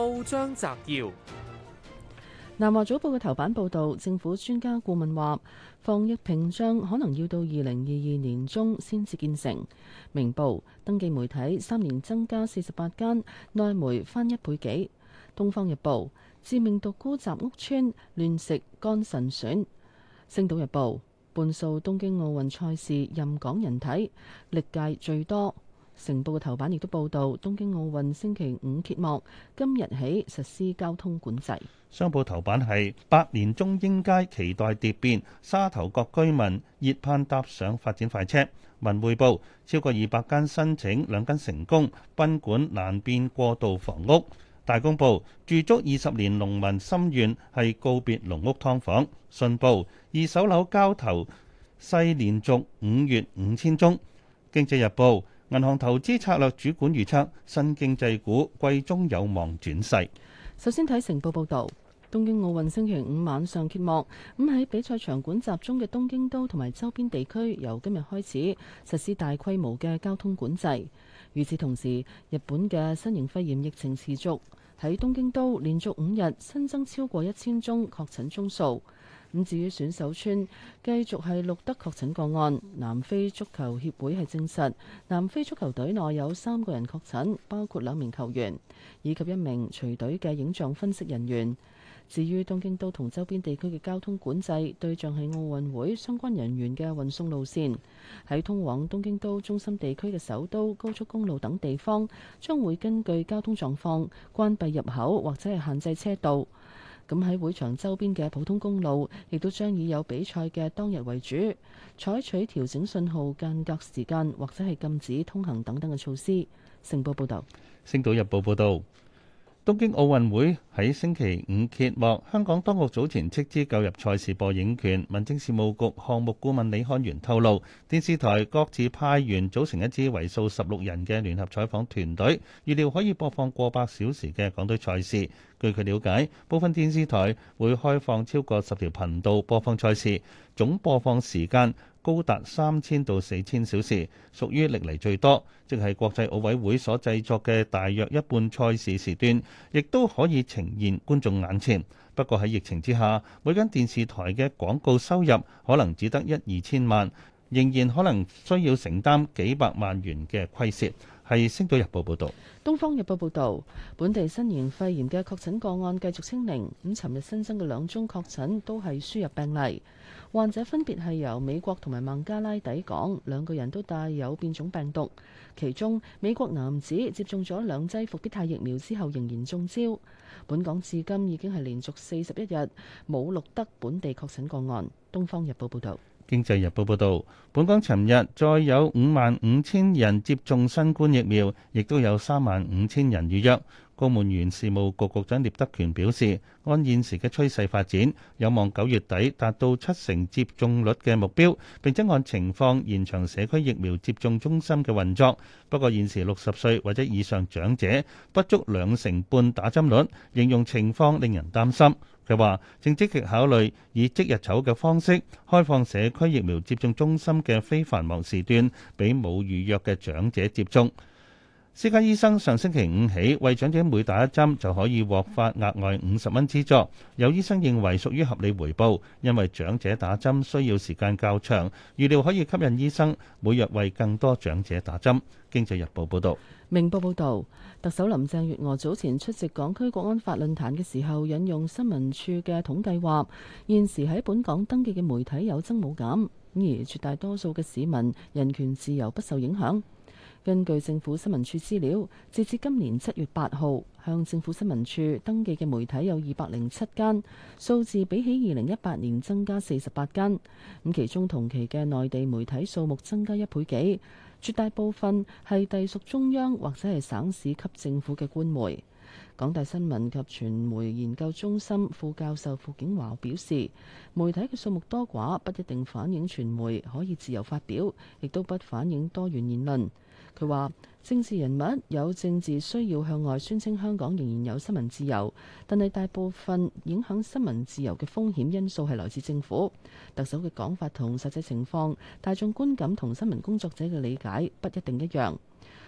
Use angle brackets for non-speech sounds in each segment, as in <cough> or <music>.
報章摘要：南華早報嘅頭版報道，政府專家顧問話，防疫屏障可能要到二零二二年中先至建成。明報：登記媒體三年增加四十八間，內媒翻一倍幾。東方日報：致命毒菇集屋村亂食肝腎損。星島日報：半數東京奧運賽事任港人睇，歷屆最多。成報嘅頭版亦都報道東京奧運星期五揭幕，今日起實施交通管制。商報頭版係百年中英街期待蝶變，沙頭角居民熱盼搭上發展快車。文匯報超過二百間申請，兩間成功，賓館難變過渡房屋。大公報住足二十年，農民心願係告別農屋劏房。信報二手樓交投細，連續五月五千宗。經濟日報。銀行投資策略主管預測，新經濟股季中有望轉勢。首先睇成報報道，東京奧運星期五晚上揭幕，咁喺比賽場館集中嘅東京都同埋周邊地區，由今日開始實施大規模嘅交通管制。與此同時，日本嘅新型肺炎疫情持續，喺東京都連續五日新增超過一千宗確診宗數。咁至於選手村繼續係錄得確診個案，南非足球協會係證實，南非足球隊內有三個人確診，包括兩名球員以及一名隨隊嘅影像分析人員。至於東京都同周邊地區嘅交通管制對象係奧運會相關人員嘅運送路線，喺通往東京都中心地區嘅首都高速公路等地方，將會根據交通狀況關閉入口或者係限制車道。咁喺會場周邊嘅普通公路，亦都將以有比賽嘅當日為主，採取調整信號間隔時間或者係禁止通行等等嘅措施。成報報道，《星島日報》報道，東京奧運會。喺星期五揭幕，香港當局早前斥資購入賽事播映權，民政事務局項目顧問李漢源透露，電視台各自派員組成一支為數十六人嘅聯合採訪團隊，預料可以播放過百小時嘅港隊賽事。據佢了解，部分電視台會開放超過十條頻道播放賽事，總播放時間高達三千到四千小時，屬於歷嚟最多，即係國際奧委會所製作嘅大約一半賽事時段，亦都可以呈。現觀眾眼前，不過喺疫情之下，每間電視台嘅廣告收入可能只得一二千萬，仍然可能需要承擔幾百萬元嘅虧蝕。係《星島日報》報道，《東方日報》報道，報報道本地新型肺炎嘅確診個案繼續清零。咁尋日新增嘅兩宗確診都係輸入病例，患者分別係由美國同埋孟加拉抵港，兩個人都帶有變種病毒。其中美國男子接種咗兩劑復必泰疫苗之後仍然中招。本港至今已經係連續四十一日冇錄得本地確診個案。《東方日報》報道。經濟日報報導，本港尋日再有五萬五千人接種新冠疫苗，亦都有三萬五千人預約。公務員事務局局長聶德權表示，按現時嘅趨勢發展，有望九月底達到七成接種率嘅目標，並且按情況延長社區疫苗接種中心嘅運作。不過現時六十歲或者以上長者不足兩成半打針率，形容情況令人擔心。佢話正積極考慮以即日籌嘅方式開放社區疫苗接種中心嘅非繁忙時段，俾冇預約嘅長者接種。私家醫生上星期五起為長者每打一針就可以獲發額外五十蚊資助，有醫生認為屬於合理回報，因為長者打針需要時間較長，預料可以吸引醫生每日為更多長者打針。經濟日報報道。明報報道，特首林鄭月娥早前出席港區國安法論壇嘅時候，引用新聞處嘅統計話，現時喺本港登記嘅媒體有增冇減，而絕大多數嘅市民人權自由不受影響。根據政府新聞處資料，截至今年七月八號，向政府新聞處登記嘅媒體有二百零七間，數字比起二零一八年增加四十八間。咁其中同期嘅內地媒體數目增加一倍幾，絕大部分係隸屬中央或者係省市級政府嘅官媒。港大新聞及傳媒研究中心副教授傅景華表示，媒體嘅數目多寡不一定反映傳媒可以自由發表，亦都不反映多元言論。佢話：政治人物有政治需要向外宣稱香港仍然有新聞自由，但係大部分影響新聞自由嘅風險因素係來自政府。特首嘅講法同實際情況、大眾觀感同新聞工作者嘅理解不一定一樣。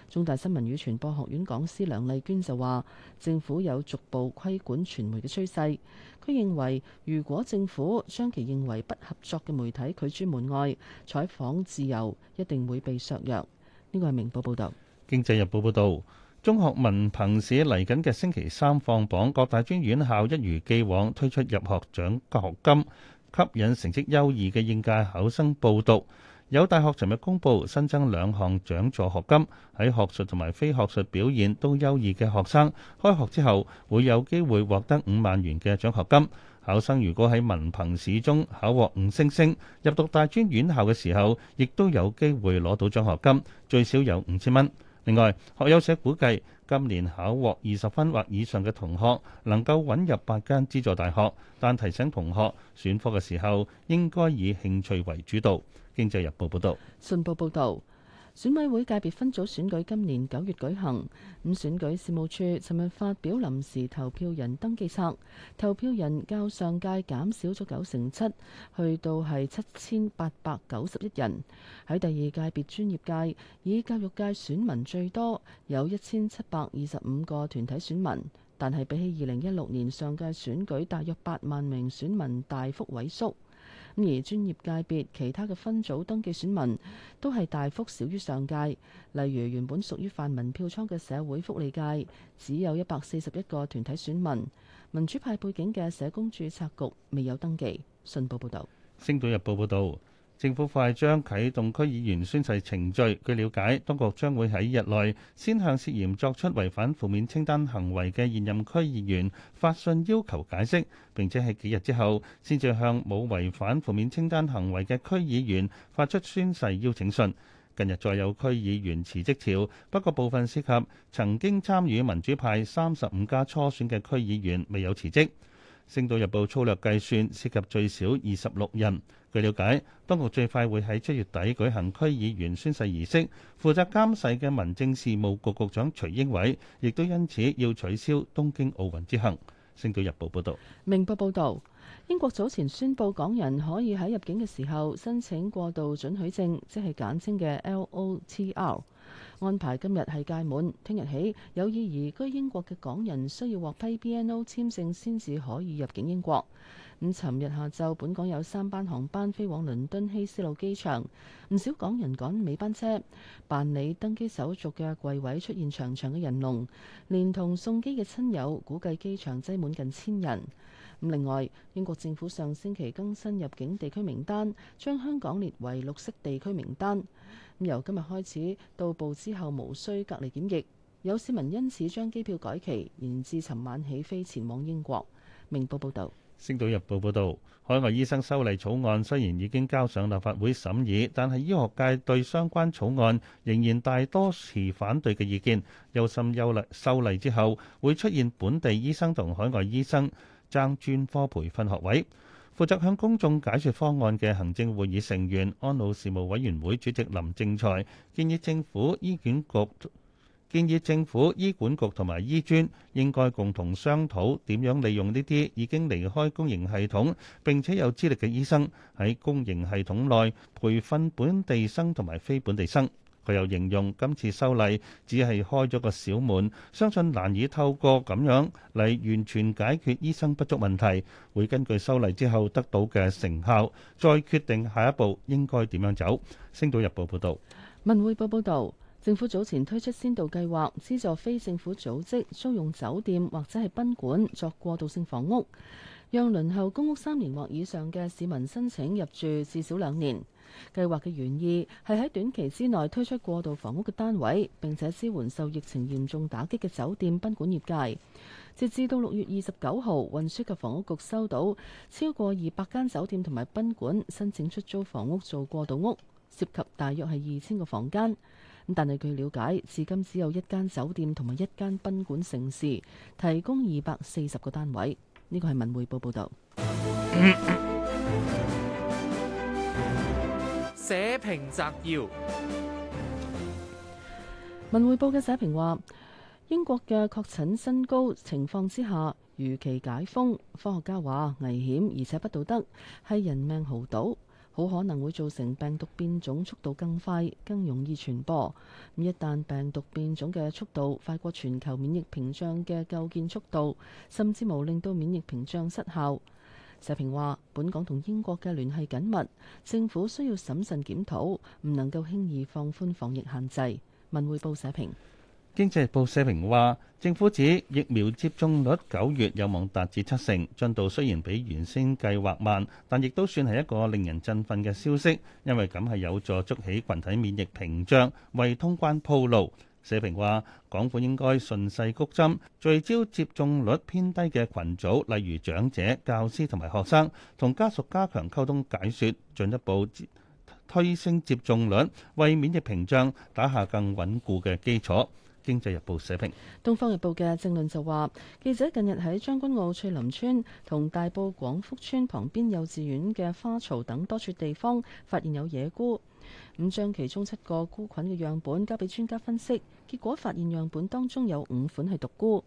中大新聞與傳播學院講師梁麗娟就話：政府有逐步規管傳媒嘅趨勢。佢認為，如果政府將其認為不合作嘅媒體拒諸門外，採訪自由一定會被削弱。呢個係明報報道，《經濟日報》報道，中學文憑試嚟緊嘅星期三放榜，各大專院校一如既往推出入學獎學金，吸引成績優異嘅應屆考生報讀。有大學尋日公佈新增兩項獎助學金，喺學術同埋非學術表現都優異嘅學生，開學之後會有機會獲得五萬元嘅獎學金。考生如果喺文憑試中考獲五星星，入讀大專院校嘅時候，亦都有機會攞到獎學金，最少有五千蚊。另外，學友社估計今年考獲二十分或以上嘅同學，能夠穩入八間資助大學，但提醒同學選科嘅時候應該以興趣為主導。經濟日報報道。信報報導。選委會界別分組選舉今年九月舉行，咁選舉事務處尋日發表臨時投票人登記冊，投票人較上屆減少咗九成七，去到係七千八百九十一人。喺第二界別專業界，以教育界選民最多，有一千七百二十五個團體選民，但係比起二零一六年上屆選舉大約八萬名選民大幅萎縮。咁而專業界別其他嘅分組登記選民都係大幅少於上屆，例如原本屬於泛民票倉嘅社會福利界，只有一百四十一個團體選民，民主派背景嘅社工註冊局未有登記。信報報導。《星島日報》報導。政府快將啟動區議員宣誓程序。據了解，當局將會喺日內先向涉嫌作出違反負面清單行為嘅現任區議員發信要求解釋，並且係幾日之後先至向冇違反負面清單行為嘅區議員發出宣誓邀請信。近日再有區議員辭職潮，不過部分涉及曾經參與民主派三十五加初選嘅區議員未有辭職。《星島日報》粗略計算，涉及最少二十六人。據了解，當局最快會喺七月底舉行區議員宣誓儀式。負責監誓嘅民政事務局局，局長徐英偉亦都因此要取消東京奧運之行。《星島日報》報道，《明報》報道，英國早前宣布港人可以喺入境嘅時候申請過渡准許證，即係簡稱嘅 L O T R。安排今日係屆滿，聽日起有意移居英國嘅港人需要獲批 BNO 簽證先至可以入境英國。咁尋日下晝，本港有三班航班飛往倫敦希斯路機場，唔少港人趕尾班車辦理登機手續嘅櫃位出現長長嘅人龍，連同送機嘅親友，估計機場擠滿近千人，嗯。另外，英國政府上星期更新入境地區名單，將香港列為綠色地區名單。由今日開始到埗之後無需隔離檢疫，有市民因此將機票改期，延至尋晚起飛前往英國。明報報導，《星島日報》報道，海外醫生修例草案雖然已經交上立法會審議，但係醫學界對相關草案仍然大多持反對嘅意見。又甚憂慮修例之後，會出現本地醫生同海外醫生爭專科培訓學位。負責向公眾解説方案嘅行政會議成員、安老事務委員會主席林正財，建議政府醫管局建議政府醫管局同埋醫專應該共同商討點樣利用呢啲已經離開公營系統並且有資歷嘅醫生，喺公營系統內培訓本地生同埋非本地生。佢又形容今次修例只係開咗個小門，相信難以透過咁樣嚟完全解決醫生不足問題，會根據修例之後得到嘅成效，再決定下一步應該點樣走。星島日報報道，文匯報報道，政府早前推出先導計劃，資助非政府組織租用酒店或者係賓館作過渡性房屋，讓輪候公屋三年或以上嘅市民申請入住至少兩年。計劃嘅原意係喺短期之內推出過渡房屋嘅單位，並且支援受疫情嚴重打擊嘅酒店賓館業界。截至到六月二十九號，運輸及房屋局收到超過二百間酒店同埋賓館申請出租房屋做過渡屋，涉及大約係二千個房間。但係據了解，至今只有一間酒店同埋一間賓館成事，提供二百四十個單位。呢個係文匯報報導。 <coughs> 社評摘要。文匯報嘅社評話，英國嘅確診新高情況之下，如期解封，科學家話危險而且不道德，係人命豪賭，好可能會造成病毒變種速度更快、更容易傳播。一旦病毒變種嘅速度快過全球免疫屏障嘅構建速度，甚至無令到免疫屏障失效。社評話，本港同英國嘅聯繫緊密，政府需要審慎檢討，唔能夠輕易放寬防疫限制。文匯報社評，經濟日報社評話，政府指疫苗接種率九月有望達至七成，進度雖然比原先計劃慢，但亦都算係一個令人振奮嘅消息，因為咁係有助築起群體免疫屏障，為通關鋪路。社評話，港府應該順勢谷針，聚焦接種率偏低嘅群組，例如長者、教師同埋學生，同家屬加強溝通解說，進一步推升接種率，為免疫屏障打下更穩固嘅基礎。經濟日報社評，東方日報嘅政論就話，記者近日喺將軍澳翠林村同大埔廣福村旁邊幼稚園嘅花槽等多處地方，發現有野菇。咁將其中七個菇菌嘅樣本交俾專家分析，結果發現樣本當中有五款係毒菇。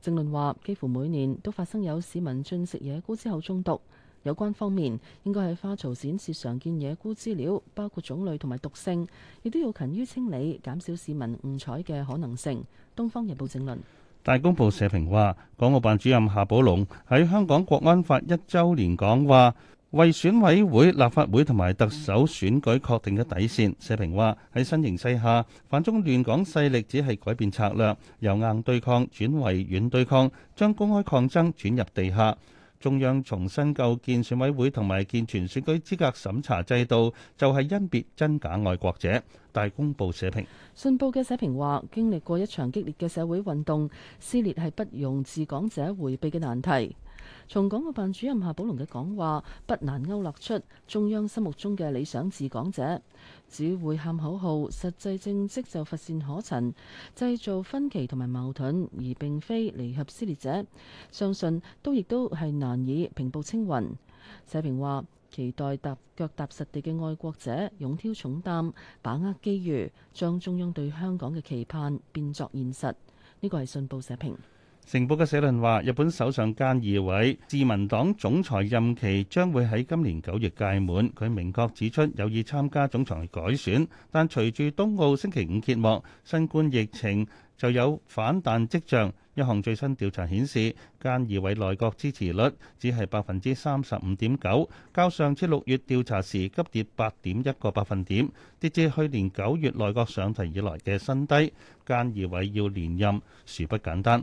正論話，幾乎每年都發生有市民進食野菇之後中毒。有關方面應該喺花槽展示常見野菇資料，包括種類同埋毒性，亦都要勤於清理，減少市民誤採嘅可能性。東方日報正論。大公報社評話，港澳辦主任夏寶龍喺香港國安法一週年講話，為選委會、立法會同埋特首選舉確定嘅底線，社評話喺新形勢下，反中亂港勢力只係改變策略，由硬對抗轉為軟對抗，將公開抗爭轉入地下。中央重新構建選委會同埋健全選舉資格審查制度，就係甄別真假愛國者。大公報社評，信報嘅社評話，經歷過一場激烈嘅社會運動，撕裂係不容治港者回避嘅難題。從港澳辦主任夏寶龍嘅講話，不難勾勒出中央心目中嘅理想治港者，只會喊口號，實際政績就乏善可陳，製造分歧同埋矛盾，而並非離合撕裂者。相信都亦都係難以平步青雲。社評話：期待踏腳踏實地嘅愛國者，勇挑重擔，把握機遇，將中央對香港嘅期盼變作現實。呢個係信報社評。《城報》嘅社論話，日本首相菅義偉自民黨總裁任期將會喺今年九月屆滿，佢明確指出有意參加總裁改選。但隨住東奧星期五揭幕，新冠疫情就有反彈跡象。一項最新調查顯示，菅義偉內閣支持率只係百分之三十五點九，較上次六月調查時急跌八點一個百分點，跌至去年九月內閣上台以來嘅新低。菅義偉要連任殊不簡單。